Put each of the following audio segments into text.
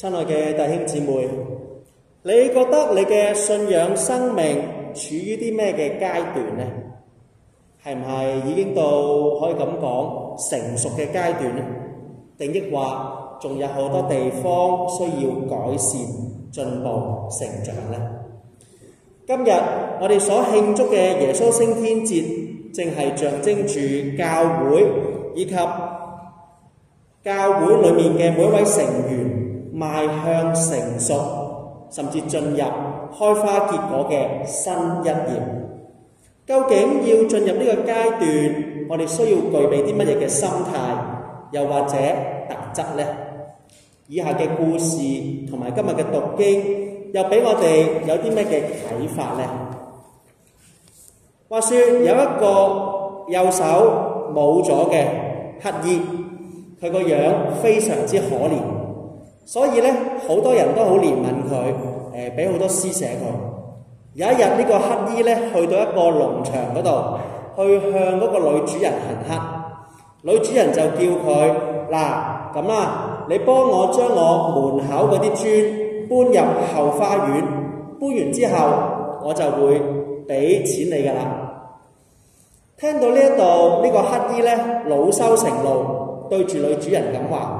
親愛嘅弟兄姊妹，你覺得你嘅信仰生命處於啲咩嘅階段呢？係唔係已經到可以咁講成熟嘅階段呢？定抑或仲有好多地方需要改善、進步、成長呢？今日我哋所慶祝嘅耶穌升天節，正係象徵住教會以及教會裏面嘅每位成員，邁向成熟，甚至進入開花結果嘅新一頁。究竟要進入呢個階段，我哋需要具備啲乜嘢嘅心態，又或者特質呢？以下嘅故事同埋今日嘅讀經，又俾我哋有啲乜嘅啟發呢？話說有一個右手冇咗嘅乞兒，佢個樣非常之可憐。.所以咧，好多人都好憐憫佢，誒，俾好多施捨佢。有一日呢個乞兒咧，去到一個農場嗰度，去向嗰個女主人行乞，女主人就叫佢，嗱，咁啦，你幫我將我門口嗰啲磚搬入後花園，搬完之後我就會俾錢你㗎啦。聽到呢一度呢個乞兒咧，老羞成怒，對住女主人咁話。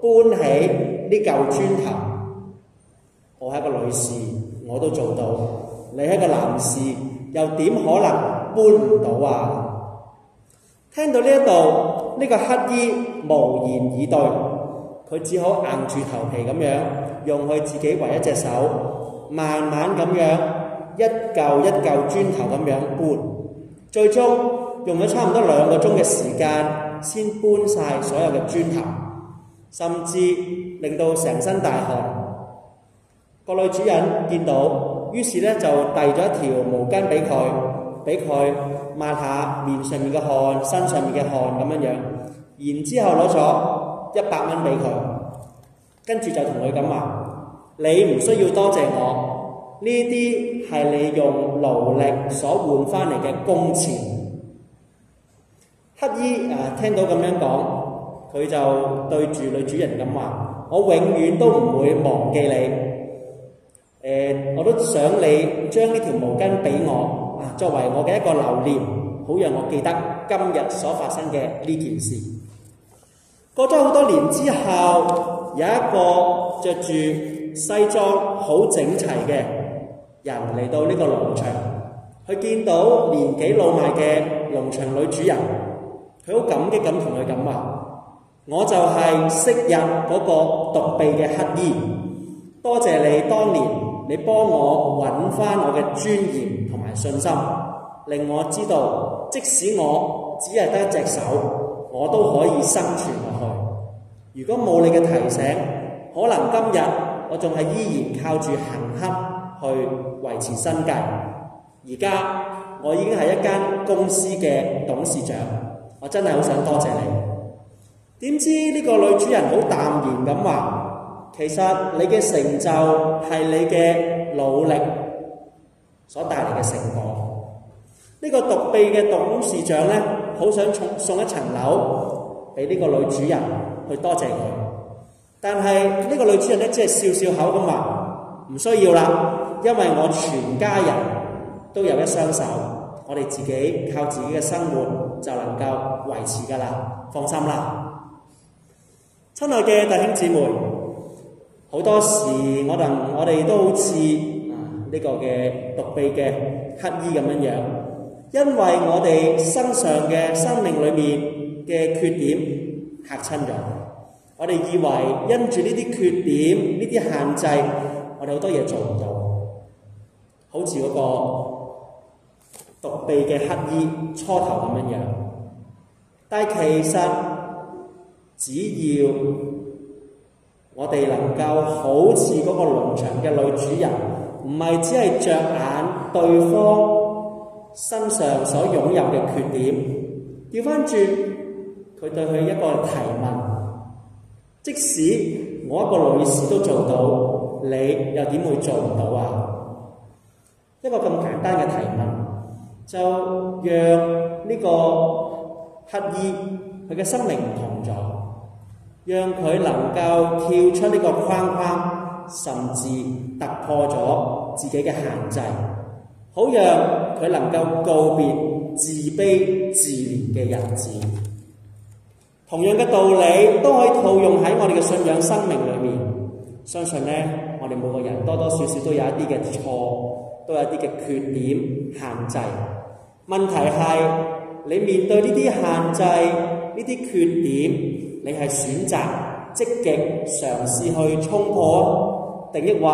搬起呢嚿磚頭，我係一個女士，我都做到。你係一個男士，又點可能搬唔到啊？聽到呢一度，呢、呢個乞衣無言以對，佢只好硬住頭皮咁樣，用佢自己唯一隻手，慢慢咁樣一嚿一嚿磚頭咁樣搬。最終用咗差唔多兩個鐘嘅時，時間，先搬晒所有嘅磚頭。甚至令到成身大汗，個女主人見到，於是咧就遞咗一條毛巾俾佢，俾佢抹下面上面嘅汗、身上面嘅汗咁樣樣，然之後攞咗一百蚊俾佢，跟住就同佢咁話：你唔需要多謝我，呢啲係你用勞力所換翻嚟嘅工錢。乞衣啊，聽到咁樣講。佢就對住女主人咁話：我永遠都唔會忘記你。誒，我都想你將呢條毛巾俾我，啊，作為我嘅一個留念，好讓我記得今日所發生嘅呢件事。過咗好多年之後，有一個著住西裝好整齊嘅人嚟到呢個農場，佢見到年紀老邁嘅農場女主人，佢好感激咁同佢咁話。我就係昔日嗰個獨臂嘅乞衣，多謝你當年你幫我揾翻我嘅尊嚴同埋信心，令我知道即使我只係得一隻手，我都可以生存落去。如果冇你嘅提醒，可能今日我仲係依然靠住行乞去維持生計。而家我已經係一間公司嘅董事長，我真係好想多謝你。點知呢個女主人好淡然咁話：其實你嘅成就係你嘅努力所帶嚟嘅成果。呢個獨臂嘅董事長呢，好想送送一層樓俾呢個女主人去多謝佢，但係呢個女主人呢，只係笑笑口咁話：唔需要啦，因為我全家人都有一雙手，我哋自己靠自己嘅生活就能夠維持㗎啦，放心啦。親愛嘅弟兄姊妹，好多時可能我哋都好似啊呢個嘅獨臂嘅乞衣咁樣樣，因為我哋身上嘅生命裏面嘅缺點嚇親咗，我哋以為因住呢啲缺點，呢啲限制，我哋好多嘢做唔到，好似嗰個獨臂嘅乞衣初頭咁樣樣，但係其實。只要我哋能夠好似嗰個農場嘅女主人，唔係只係著眼對方身上所擁有嘅缺點，調翻轉佢對佢一個提問，即使我一個女士都做到，你又點會做唔到啊？一個咁簡單嘅提問，就讓呢個乞衣佢嘅生命唔同咗。讓佢能夠跳出呢個框框，甚至突破咗自己嘅限制，好讓佢能夠告別自卑自憐嘅日子。同樣嘅道理都可以套用喺我哋嘅信仰生命裏面。相信呢，我哋每個人多多少少都有一啲嘅錯，都有一啲嘅缺點限制。問題係你面對呢啲限制，呢啲缺點。你係選擇積極嘗試去衝破啊，定抑或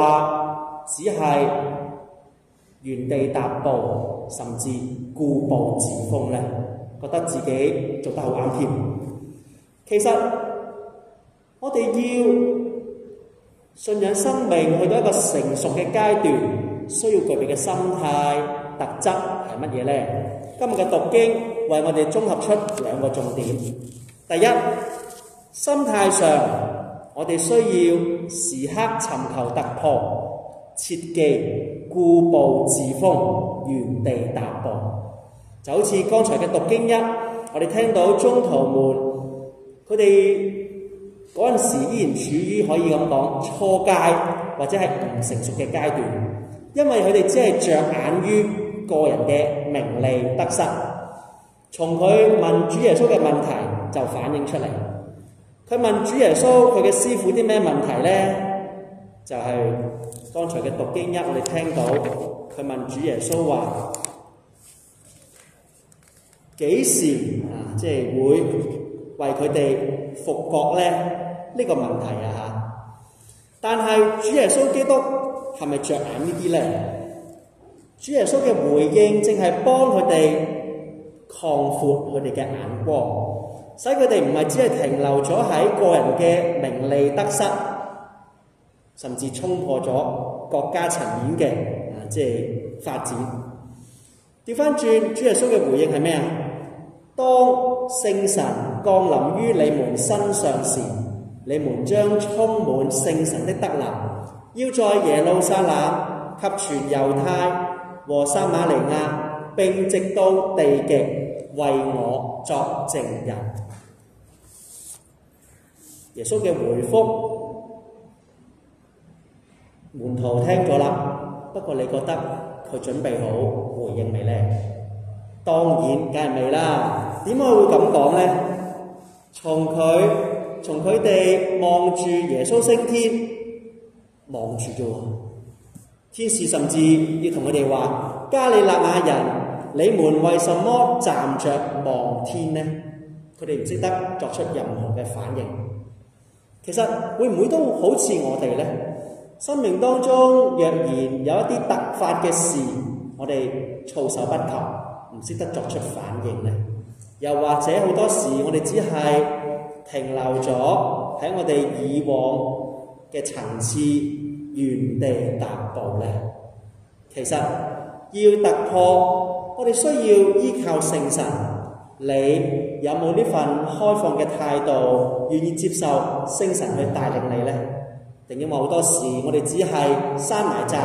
只係原地踏步，甚至固步自封咧？覺得自己做得好啱添。其實我哋要信仰生命去到一個成熟嘅階段，需要具備嘅心態特質係乜嘢咧？今日嘅讀經為我哋綜合出兩個重點，第一。心態上，我哋需要時刻尋求突破，切忌固步自封、原地踏步。就好似剛才嘅讀經一，我哋聽到中途門，佢哋嗰陣時依然處於可以咁講初階或者係唔成熟嘅階段，因為佢哋只係着眼於個人嘅名利得失，從佢問主耶穌嘅問題就反映出嚟。佢問主耶穌佢嘅師傅啲咩問題呢？就係剛才嘅讀經一，我哋聽到佢問主耶穌話幾時啊？即係會為佢哋復國咧？呢、這個問題啊，但係主耶穌基督係咪着眼呢啲呢？主耶穌嘅回應正係幫佢哋擴闊佢哋嘅眼光。使佢哋唔係只係停留咗喺個人嘅名利得失，甚至衝破咗國家層面嘅、啊、即係發展。掉返轉，主耶穌嘅回應係咩啊？當聖神降臨於你們身上時，你們將充滿聖神的德能，要在耶路撒冷及全猶太和撒瑪利亞並直到地極，為我作證人，耶穌嘅回覆，門徒聽過啦。不過你覺得佢準備好回應未咧？當然梗係未啦。點解會咁講咧？從佢從佢哋望住耶穌升天，望住咗。天使甚至要同佢哋話：加利納亞人。你們為什麼站着望天呢？佢哋唔識得作出任何嘅反應。其實會唔會都好似我哋呢？生命當中若然有一啲突發嘅事，我哋措手不及，唔識得作出反應呢？又或者好多時，我哋只係停留咗喺我哋以往嘅層次，原地踏步呢？其實要突破。我哋需要依靠聖神，你有冇呢份開放嘅態度，願意接受聖神去帶領你呢？定要話，好多時，我哋只係閂埋閘，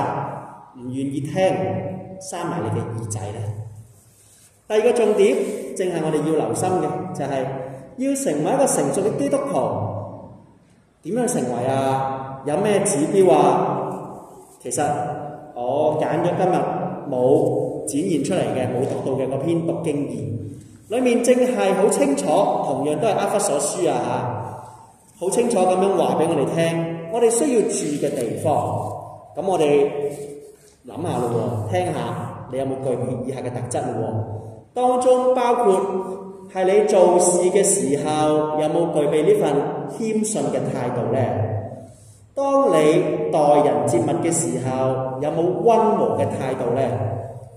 唔願意聽，閂埋你嘅耳仔呢。第二個重點，正係我哋要留心嘅，就係要成為一個成熟嘅基督徒，點樣成為啊？有咩指標啊？其實我揀咗今日冇展現出嚟嘅冇讀到嘅嗰篇讀經典，裡面正係好清楚，同樣都係厄弗所書啊嚇，好清楚咁樣話俾我哋聽。我哋需要住嘅地方，咁我哋諗下咯喎，聽下你有冇具備以下嘅特質喎、啊？當中包括係你做事嘅時候有冇具備呢份謙遜嘅態度咧？當你待人接物嘅時候有冇溫和嘅態度咧？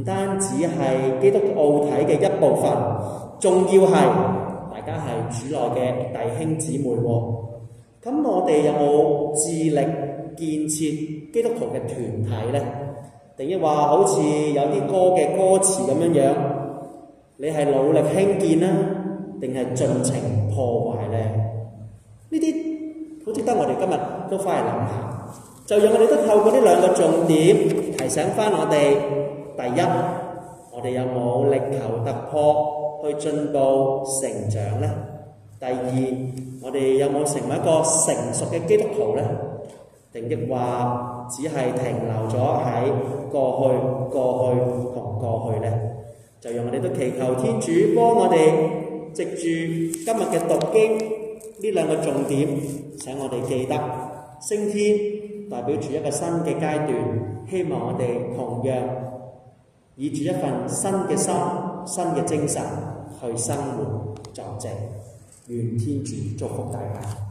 唔單止係基督奧體嘅一部分，仲要係大家係主內嘅弟兄姊妹喎。咁我哋有冇致力建設基督徒嘅團體咧？定抑或好似有啲歌嘅歌詞咁樣樣，你係努力興建啊，定係盡情破壞咧？呢啲好值得我哋今日都翻嚟諗下。就讓我哋都透過呢兩個重點提醒翻我哋。第一，我哋有冇力求突破去進步成長呢？第二，我哋有冇成為一個成熟嘅基督徒呢？定亦話只係停留咗喺過去、過去同過去呢？就讓我哋都祈求天主幫我哋藉住今日嘅讀經呢兩個重點，請我哋記得升天代表住一個新嘅階段。希望我哋同樣。以住一份新嘅心、新嘅精神去生活。就正願天主祝福大家。